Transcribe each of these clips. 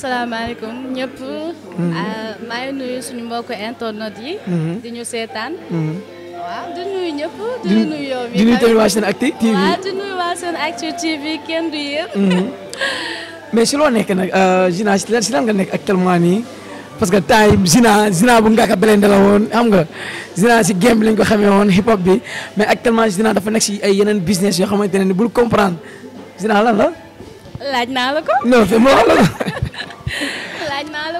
asalaamaaleykum ñëpp. Mm-hmm. Euh, maa ngi nuyu suñu mbokku internet yi. Mm-hmm. di ñu seetaan. Mm-hmm. waaw di nuyu ñëpp. di nuyu yow mii di nuyu tamit waa SENactu TV TV kenn du yéen. mais si loo nekk nag euh, Zina si lan nga nekk actuellement nii parce que temps yi Zina Zina bu Ngaaka Blindé la woon xam nga Zina si lañ ko xamee woon hip hop bi mais actuellement Zina dafa nekk si ay yeneen business yoo xamante ne ni bul comprendre Zina lan la. laaj naa la ko. la.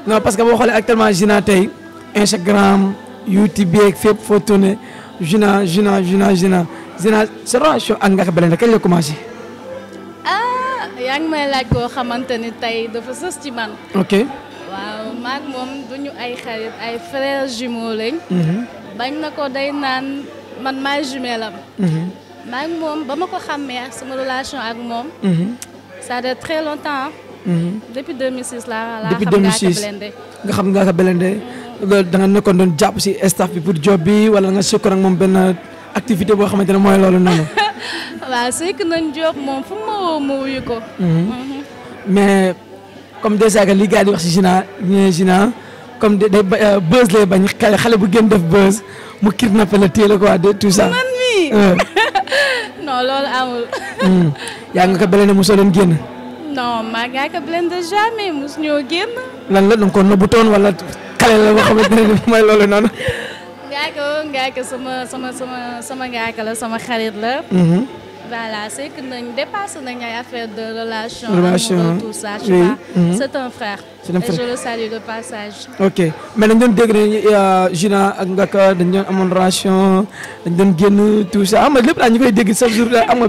non parce que boo xoolee actuellement Gina tey Instagram YouTube beeg fépp foo tourné Gina Gina Gina Gina Gina sa relation ak Ngaaka Blindé kañ la commencé. ah yaa ngi may koo xamante ni tey dafa sës ci man. ok waaw maak moom duñu ay xarit ay frères jumeaux lañ. Mhm. bañ na ko day naan man maay jumelam. Mhm. maak moom ba ma ko xàmmee ak sama relation ak moom. Mhm. ça fait très longtemps. Mm-hmm. depuis 2006 laa laa xam nga xam Ngaaka Blindé da nekkoon doon jàpp si staff bi pour job bi wala nga sukk nag moom benn activité boo xamante ne mooy loolu noonu. waaw sukk nañ job moom fu ma woo ma wuyu ko. Mm-hmm. Mm-hmm. mais comme déjà que li gars di wax si Zina ñee Zina comme day ba euh, buzz lay xale bu gën def buzz mu kidnappé la téye ko quoi de tout ça. man mii euh. non loolu amul. Mm. yaa nga ko Blindé mosoo doon génn. non maag yaa ko blende jamais mos ñoo génn. lan la da nga ko nëbbutoon wala xale la boo xamante ne mooy loolu noonu. ngaaka ngaaka sama sama sama sama ngaaka la sama xarit la. Mhm. voilà c' est que nañ dépassé nañ ay affaire de relation. relation amoureux tout ça tu vois. Mhm. c' est un frère. c' est un frère et je le salue de passage. ok mais dañ doon dégg ne Jina euh, ak Ngaka dañ doon amoon relation dañ doon génn tout ça ah man lépp daal ñu koy dégg chaque jour am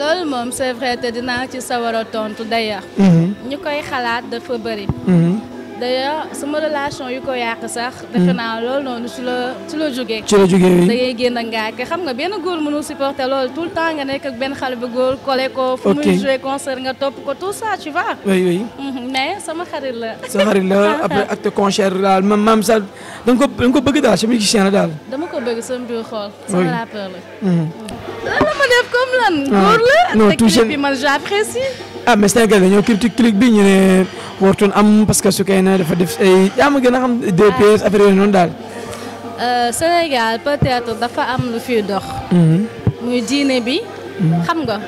loolu moom c'est vrai te dinaa ci sawar a tontu d'ailleurs. Mhm. ñu koy xalaat dafa bëri. Mhm. d'ailleurs sama relation yu ko yàq sax. defe mhm. naa loolu noonu si la ci loo jógee. ci la jógee oui da ngay génn ngaak xam nga benn góor mënul supporter loolu tout le temps nga nekk ak benn xale bu góor collé ko. fu muy joué concert nga topp ko tout ça tu vois. oui oui. mais sama xarit la. sa xarit la après acte concert daal maam sa sax da ko da ko bëgg daal sa musicien dama ko bëgg sama biir xool. sama rappeur lan la ma def comme lan. Ah. góor la bi ah mais Sénégal dañoo critique bi ñu ne wartoon am parce que su kay na dafa def ay yaa ma gën a xam deux ah. pièces affaire noonu daal. Euh, Sénégal peut-être dafa am lu fiy dox. Mhm. muy diine bi mhm. xam nga.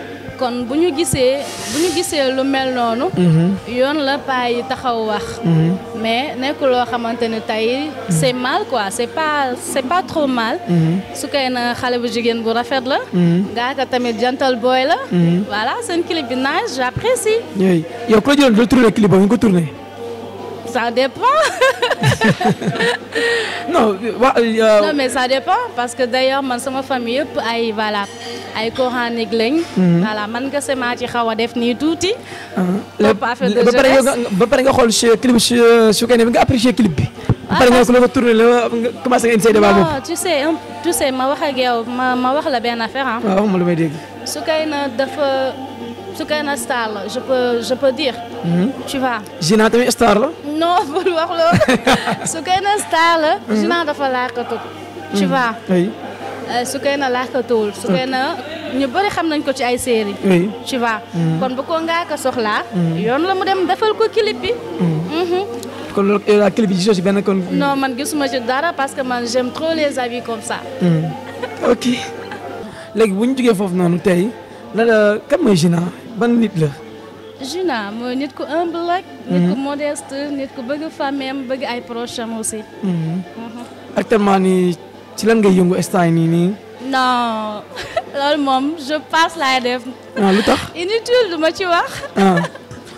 kon bu ñu gisee bu ñu gisee lu mel noonu. Mhm. yoon la paa yi taxaw wax. Mhm. mais nekk loo xamante ne tey mhm. mal quoi c' est pas c' pas trop mal. su kay na xale bu jigéen bu rafet la. gaaka tamit jantal booy la. voilà seen clip bi nice j' apprécie. yooyu yow ku la jëloon tourné clip boobu nga ko tourné. ça dépend. Euh, non mais ça dépend parce que d' man sama famille yëpp ay voilà. ay coranique lañ. Mhm. voilà man nga sema ci xaw a def nii tuuti. topp ah. affaire de jeunesse ba pare nga xool clip su kay ne bi nga apprécier clip bi. ah pare nga ko ah, la ko tourné la nga nga indi say tu sais tu sais ma wax ak yow ma ma wax la benn affaire ah. waaw ma lu may dégg. su kay na dafa su kay na star je peux je peux dire. Mhm. su kay na star la. Zina mhm. dafa laakatu. tu vois. Euh, su na Soukeyna laaxatawul Soukeyna ñu bëri xam nañ ko ci ay série tu vois mm-hmm. kon bu ko Ngaaka soxlaa mm-hmm. yoon la mu dem defal ko clip bi mm-hmm. kon loolu clip bi gisoo si benn kon non man gisuma ci dara parce que man j'aime trop les habits comme ça ok léegi bu ñu jógee foofu noonu tey la euh, kan mooy Gina ban nit la Gina mooy nit ku humble rek nit ku modeste nit ku bëgg famille bëgg ay proches am aussi actuellement nii ci lan ngay yëngu instant yi nii nii. moom je passe ah, lu tax inutile du ma ci wax. Ah.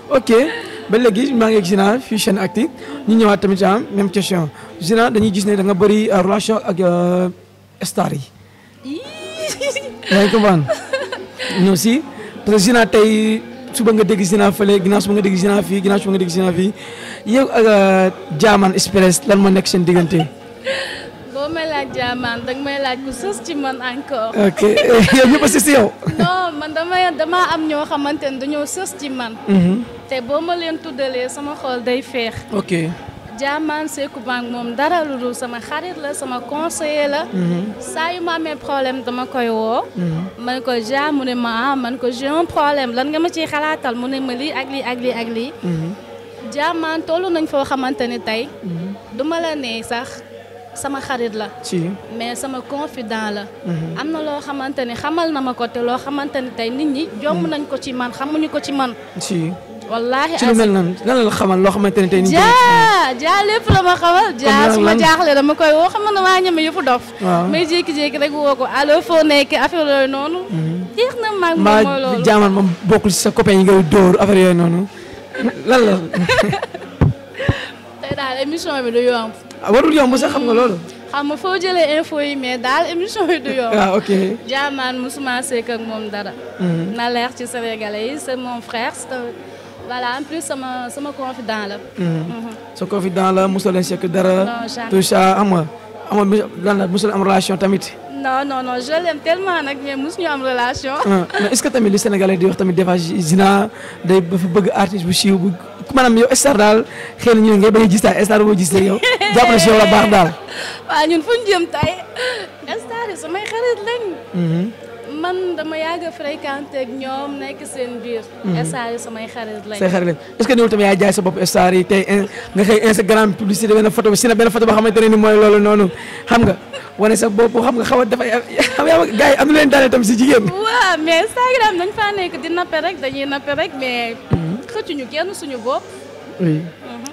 ok ba léegi maa ngi ak Zina fii chaîne active ñu ñëwaat tamit ah même question Zina dañuy gis ne da nga bëri euh, relation ak euh, star yi. yaa ngi comprendre ñoo si parce que Zina tey suba nga dégg Zina fële ginnaaw suba nga dégg Zina fii ginnaaw suba nga dégg Zina fii yow ak euh, Diamane Express lan moo nekk seen diggante. may laaj jaamaan danga may laaj ku sës ci man encore. ok eh, yow ñëpp a sës man damay damaa am ñoo xamante ne dañoo sës ci man. Mhm. te boo ma leen tuddalee sama xol day feex. ok jaamaan Seku Bank moom dara lu dul sama xarit la sama conseiller la. Mhm. saa yu ma amee dama koy woo. Mhm. man ko jaa mu ne ma ah, man ko j'ai un lan nga ma ciy xalaatal mu ne ma lii ak lii ak lii ak lii. jaamaan toll nañ foo xamante ne tey. duma la nee sax. sama xarit la. ci mais sama confident la. Mhm. am na loo xamante ni xamal na ma ko te loo xamante ni tey nit ñi. jomb mhm. nañ ko ci man xamuñu ko ci man. ci wallaahi. ci lu mel nan nan la xamal loo xamante ni la ma xamal. jaa ma jaaxle dama koy na maa ñeme yëfu dof. waaw may jékki-jékki rek ko foo nekk affaire yooyu mhm. na maag moom mooy loolu bokkul ci sa copain yi ngay dóor affaire yooyu noonu lan la. tey daal émission bi du yomb. warul yomb sax xam nga loolu. xam nga foo jëlee info yi mais daal émission yi du yomb. ah ok jaamaan musuma seek ak moom dara. Mhm. na leer ci Sénégalais yi c'est mon frère voilà en plus sama sama confident la. Mhm. Mhm. sa confident la musul leen seek dara. non tout ça am nga am nga am relation tamit. non non non je l'aime tellement nag mais mosuñu am relation. Ah, mais est-ce que tamit li Sénégalais di wax tamit Deva Zina day dafa bëgg artiste bu si bu maanaam yow star daal xëy na ñu ne ngay bañ a gis daal star boo gis yow jàpp na si yow la baax daal. waaw ñun fu ñu jëm star yi samay xarit lañ. Mm-hmm. man dama yàgg a fréquenté ak ñoom nekk seen biir. Mhm. star yi samay xarit lañ. say xarit lañ est ce que ñëwul tamit yaay jaay sa bopp star yi tey nga xëy Instagram publicité benn photo bi si na benn photo boo xamante ne ni mooy loolu noonu xam nga wane sa bopp xam nga xaw a dafay xam yaa gars yi am na leen daane tam si jigéen. waaw mais Instagram dañ faa nekk di nappe rek dañuy nappe rek mais. Mhm. xëccuñu kenn suñu bopp. Mhm.